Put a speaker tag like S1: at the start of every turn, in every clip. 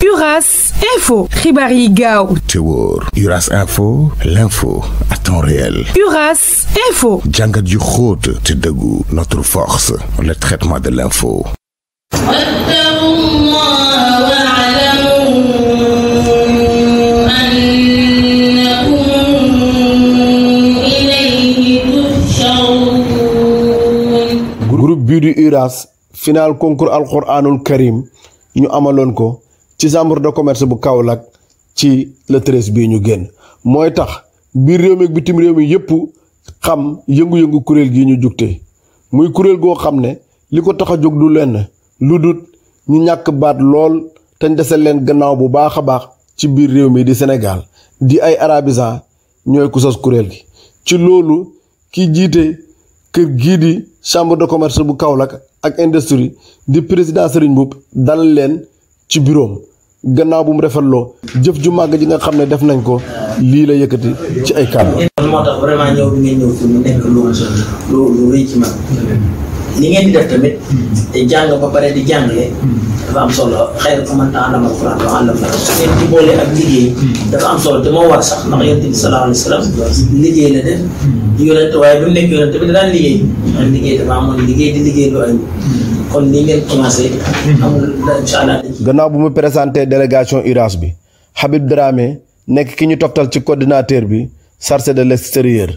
S1: Uras Info. Ribari Gao. Uras Info. L'info à temps réel. Uras Info. Django du Tedegu. Notre force. Le traitement de l'info. groupe Budi URAS final concours Quranul karim ñu avons ko ci chambre de commerce bu Kaolack ci le treize bii ñu génn mooy tax biir réew mi ak bitim réew mi yëpp xam yëngu-yëngu kuréel gii ñu jugte muy kuréel goo xam ne li ko tax a jóg du lenn lu dut ñu ñàkk baat lool te ñu desal leen gannaaw bu baax a baax ci biir réew mi di Sénégal di ay arabisants ñooy ku sos kuréel gi ci loolu ki jiite kër gii di chambre de commerce bu Kaolack ak industrie di président Serigne Mboup dal leen ci buroom gannaaw bu mu loo jëf ju màgg ji nga xam ne def nañ ko lii la yëkkati ci ay
S2: kàddu.
S3: moo tax vraiment ñëw bi ngeen ñëw pour mu nekk lu lu lu ci man li ngeen di def tamit di jàng ba pare di jàngale dafa am solo xëy na ku mënta àndam ak Alxuraan su ngeen di boole ak liggéey dafa am solo te moo war sax ndax yonent bi sallallahu liggéey la def yonent waaye bi mu nekk yonent liggéey daan liggéey dafa amoon liggéey di liggéey lu ay kon ni mhm.
S1: gannaaw bu mu présenté délégation URAS bi Habib Dramé nekk ki ñu toftal ci coordinateur bi chargé de l'extérieur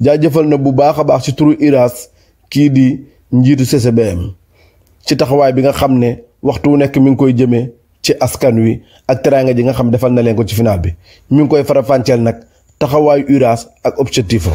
S1: jaajëfal na bu baax a baax ci turu URAS kii di njiitu CCBM ci taxawaay bi nga xam ne waxtu wu nekk mi ngi koy jëmee ci askan wi ak teraanga ji nga xam defal na leen ko ci final bi mu ngi koy farafànceel nag taxawaayu URAS ak objectif am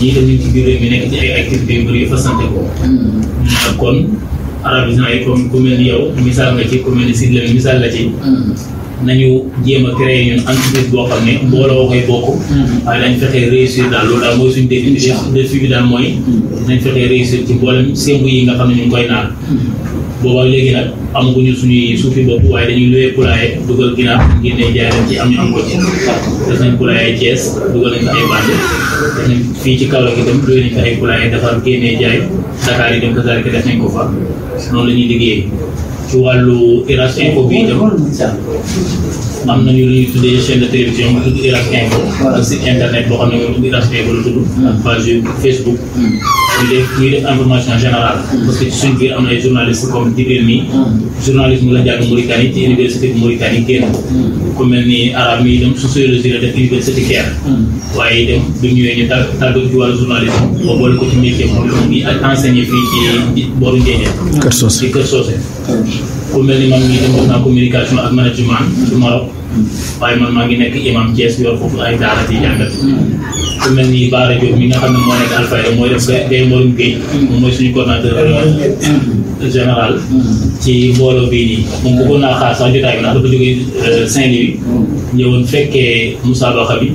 S2: ñii dañuy ci biir réew mi nekk ci ay yu bëri yu fa santé ko ak mm. kon arabisant yi comme ku mel ni yow misaal nga ci ku mel ni Sidy Lamine misaal la ci mm. nañu jéem a créer ñun entreprise boo xam ne mbooloo koy bokk mm. waaye dañ fexee réussir daal loolu daal mooy suñu défi bi mooy nañ fexee réussir ci mboolem sémb yi nga xam ne ñu koy naan boobaa léegi nag amaguñu suñuy suufi bopp waaye dañuy luwee poulailler dugal ginaar génnee jaay leen ci am ñu am ko ci def nañ dugal nañ fa ay bande def nañ fii ci Kaolack itam luwee nañ fa ay poulailler defar génnee def nañ ko fa noonu la ñuy ci wàllu Irak Info bi itam am nañu lu ñuy tuddee chaîne de télévision bu tudd Irak Info ak internet boo xam ne moom Irak Info la tudd hmm. Facebook ñu hmm. def ñuy information générale hmm. parce ci suñ biir am na ay journaliste comme Jibril nii journalisme la jàng Mauritanie ci université bu Mauritanie génn ku mel ni arabe mi dem def université Caire waaye dem du ñëwee ñu tàgg tàggat ci wàllu journalisme boo boole ko ci métier moom ngi fii ci booru Ndiédiène ku mel ni man mii dem def naa communication ak management du Maroc waaye man maa ngi nekk imam Thiès yor foofu ay daara ci jàngat ku mel nii Baara Diop mi nga xam ne moo nekk Alfayda mooy def day mboolum moo moom mooy suñu euh, mm. général mm. ci mbooloo bii nii moom bëggoon naa xaar sax jotaay bi ndax dafa jógee euh, Saint-Louis mm. ñëwoon fekkee Moussa Doxa bi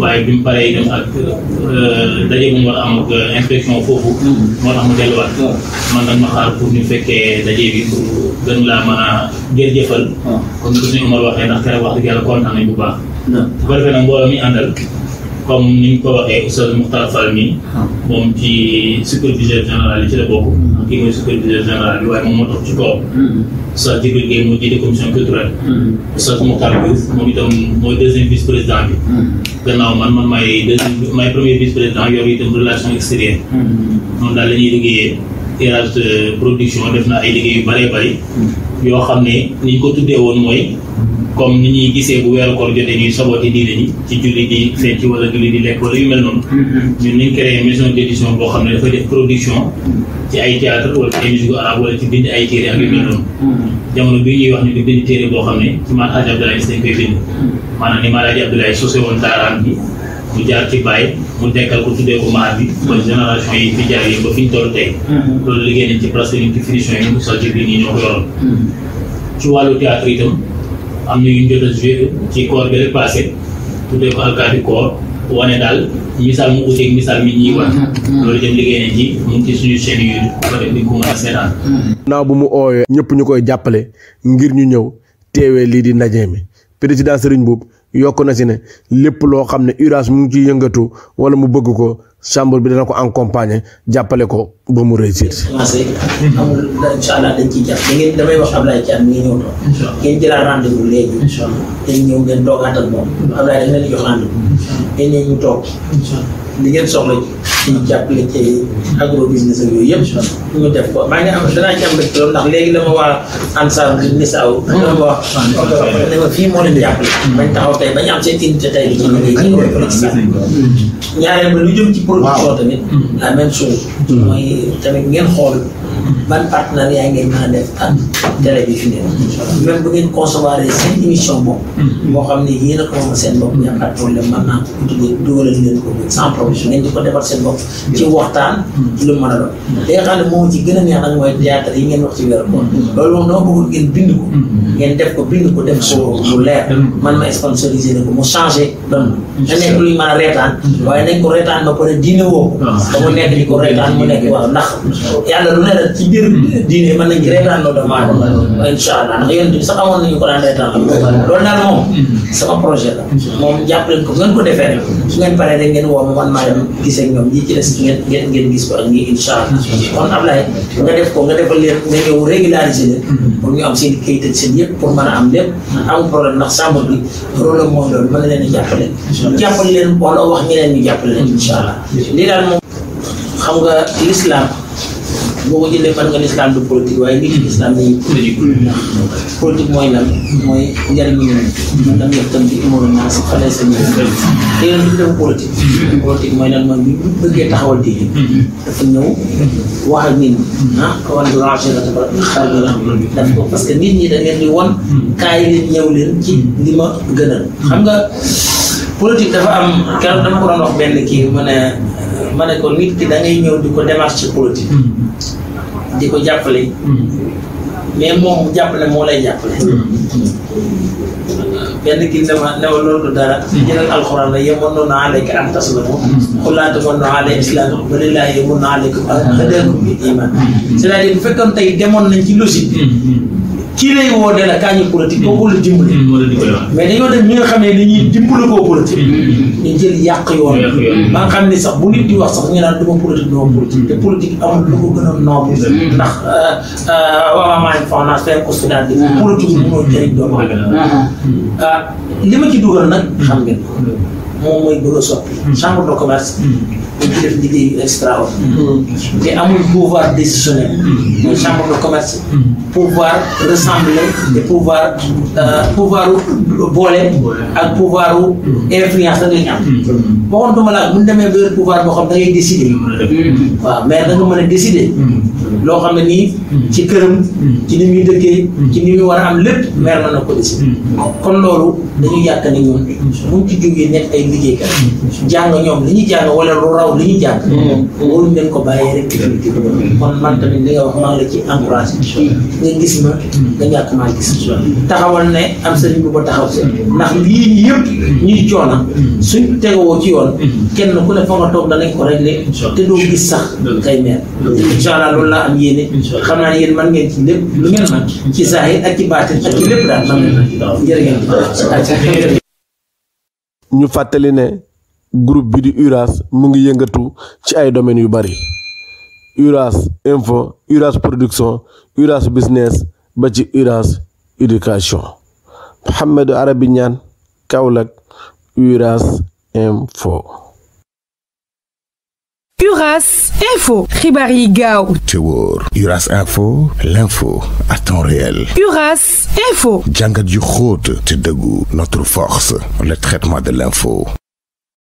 S2: waaye bi mu paree dem ak euh, daje bu mu war am ak inspection foofu moo tax mu delluwaat man nag ma xaar pour ñu fekkee daje bi pour gën laa mën a jërëjëfal comme ni ko suñu Omar waxee ndax keroog wax dëgg yàlla kontaan nañ bu baax bu ko defee nag mbooloo mi àndal comme ni ko waxee Oustaz Mokhtar Fall mi ah. moom ci superviseur général yi ci la bokk. Hmm. kii mooy superviseur général bi waaye moom moo ci kawam. Hmm. Oustaz Djibril Guèye moo jiite commission culturelle. Hmm. Oustaz Mokhtar Diouf moom itam mooy deuxième vice président bi. gannaaw man man maay premier vice président yor itam relation extérieure. noonu daal la ñuy liggéeyee. Erage production def na ay liggéey yu bëree yoo xam ne ni ko tuddee woon mooy. comme ni ñuy gisee bu weeru koor jotee ñuy sabooti diine ñi ci julli di fecc wala julli di lekk wala yu mel noonu. Mm-hmm. ñu créé maison d'édition xam ne dafay def production ci ay théâtre wala ci ay ay téere ak yu mm-hmm. bii ñuy wax ñu di bind téere boo xam ne ci maanaam Alaaji Abdoulaye dañ koy bind. Mm-hmm. bi mu jaar ci bàyyi mu dekkal ko tuddee ko maar bi. kon génération yi fi jaar yi ba fi toll tey. loolu liggéey nañ ci presque ci finition yi mu sol ci biir ñi ñoo ko yoroon. ci wàllu théâtre itam. am na yu jot a joué ci koor bi rek passé tuddee alkaati koor wane daal misaal mu uteeg misaal mi ñuy wan mm-hmm. loolu jëm liggéey nañ ci mu ngi ci suñu chaîne YouTube ko def di ko mën a seetaan
S1: mm-hmm. naaw bu mu ooyee ñëpp ñu koy jàppale ngir ñu ñëw teewee lii di ndaje mi président sëriñ Mboup yokk na si ne lépp loo xam ne URAS mu ngi ci yëngatu wala mu bëgg ko chambre bi dana ko accompagner jàppale ko ba mu réussir.
S3: commencé amul incha allah dañ ciy jàpp da ngeen damay wax Ablaye Thiam mi ngi toog. incha moom. Ablaye dañ leen ñu toog. li ngeen soxla ci jàppale ci agro business ak yooyu yëpp ñu def ko maa ngi am danaa ci am rek loolu ndax léegi la ma waa ANSAR li nisaaw ah. dama ma wax ah, ne ma fii moo leen jàppale hmm. bañ taxaw tey bañ am seen unité tey bi ci liggéey ñi wala ci ñaareel ba lu jëm ci production tamit hmm. la même chose hmm. mooy tamit ngeen xool ban partenariat ngeen mën a def ak télé bi fi nekk. même bu ngeen concevoir seen émission bopp. Mm-hmm. boo xam ne yéen a ko moom seen bopp. ñu am ko dugg dugalal ngeen ko sans problème ngeen di ko defal seen bopp. ci mm-hmm. waxtaan. Mm-hmm. lu mën a doon. li nga moom ci gën a neex nag mooy théâtre yi ngeen wax ci wér. loolu moom dama bëggoon ngeen bind ko. ngeen def ko bind ko def ko mu leer. man ma sponsorisé na ko mu changé doon. na nekk luy a reetaan. waaye nañ ko reetaan ba pare diine woo ko. Ah. ba nekk di ko reetaan mu ci biir diine mën nañ reetaan dama insha allah ndax yéen sax amoon nañu ko daan reetaan loolu daal moom sama projet la moom jàpp leen ko ngeen ko defee rek su ngeen paree rek ngeen woo ma man maa dem ak ñoom ñi ci des ngeen ngeen ngeen gis ko ak allah kon Ablaye nga def ko nga defal leen nga ñëw régulariser leen pour ñu am seen kayit ak seen yëpp pour mën a am lépp am problème ndax sàmm bi rôle loolu mën leen di jàppale jàppale leen wala wax ñeneen ñu jàppale leen insha allah daal moom xam nga l'islam boo ko jëlee fan nga lislaam du politique waaye lii lislaam dañuy politique. politique mooy lan mooy njëriñu ñoom. ndam yëpp nag mooy lan bëggee taxawal diine. dafa ñëw wax ak nit ñi. Ah, ko parce que nit ñi da ngeen di wan. kaay leen ñëw leen ci li ma gënal. xam nga politique dafa am keroog dama ko benn kii mu ne. ma ne ko nit ki da ngay di ko démarche ci politique.
S2: Mm-hmm.
S3: di ko jàppale. Mm-hmm. mais moom jàppale moo lay jàppale. benn mm-hmm. kii ne ma ne ma loolu du dara. jëlal alxuraan la yemoon noonu alayka an taslamu. xulaatu moon noonu alay islaam balilaahi yemoon noonu alayka an hadakum bil bu fekkoon tey demoon nañ ci logique. kii lay woo de la kañu politique kooku la dimbali. Mm, mais dañoo dem ñi nga xam ne dañuy dimbali koo politique. Mm, mm, ñu jël yàq yoon. ba nga xam ne sax bu nit di wax sax ñu naan duma politique duma politique te politique amul lu ko gën a noobu. ndax euh, euh, waaw maa ngi fondance faire ko sudaat bi. politique mënoo jëriñ doomu aadama. Euh, li ma ci dugal nag. xam ngeen moom mooy bëgg a soppi. chambre def liggéey yu mm-hmm. pouvoir décisionnel mm-hmm. mooy chambre de commerce mm-hmm. pouvoir ressembler pouvoir euh, pouvoir boole ak pouvoir influence da ngay waxoon dama la bu ñu pouvoir boo xam décider mais da nga décider loo ne ci këram ci ni muy ci ni muy war décider kon ci ay li li ñu jàng. Mm. waruñ leen ko bàyyee rek di kon man tamit li nga wax maa ngi la ci encouragé. nga gis ma nga ñàkk maa gis. taxawal ne am sëriñ bu ko taxaw si. ndax lii yëpp ñuy coona suñ tegawoo ci yoon. kenn ku ne fa nga toog danañ ko réglé. te doo gis sax kay meer. incha allah laa am yéene. xam naa ne yéen mën ngeen ci lépp lu ngeen man ci saahir ak ci baatin ak ci lépp daal mën ngeen
S1: ñu fàttali ne. groupe Bidi URAS mu ngi yëngatu ci bari URAS info URAS production URAS business ba URAS Education. Mohamed Arabi Kaulak URAS info. URAS info. ribari gao Tewor. URAS info. l'info à temps réel. URAS info.
S2: Djanga yu notre force le traitement de l'info.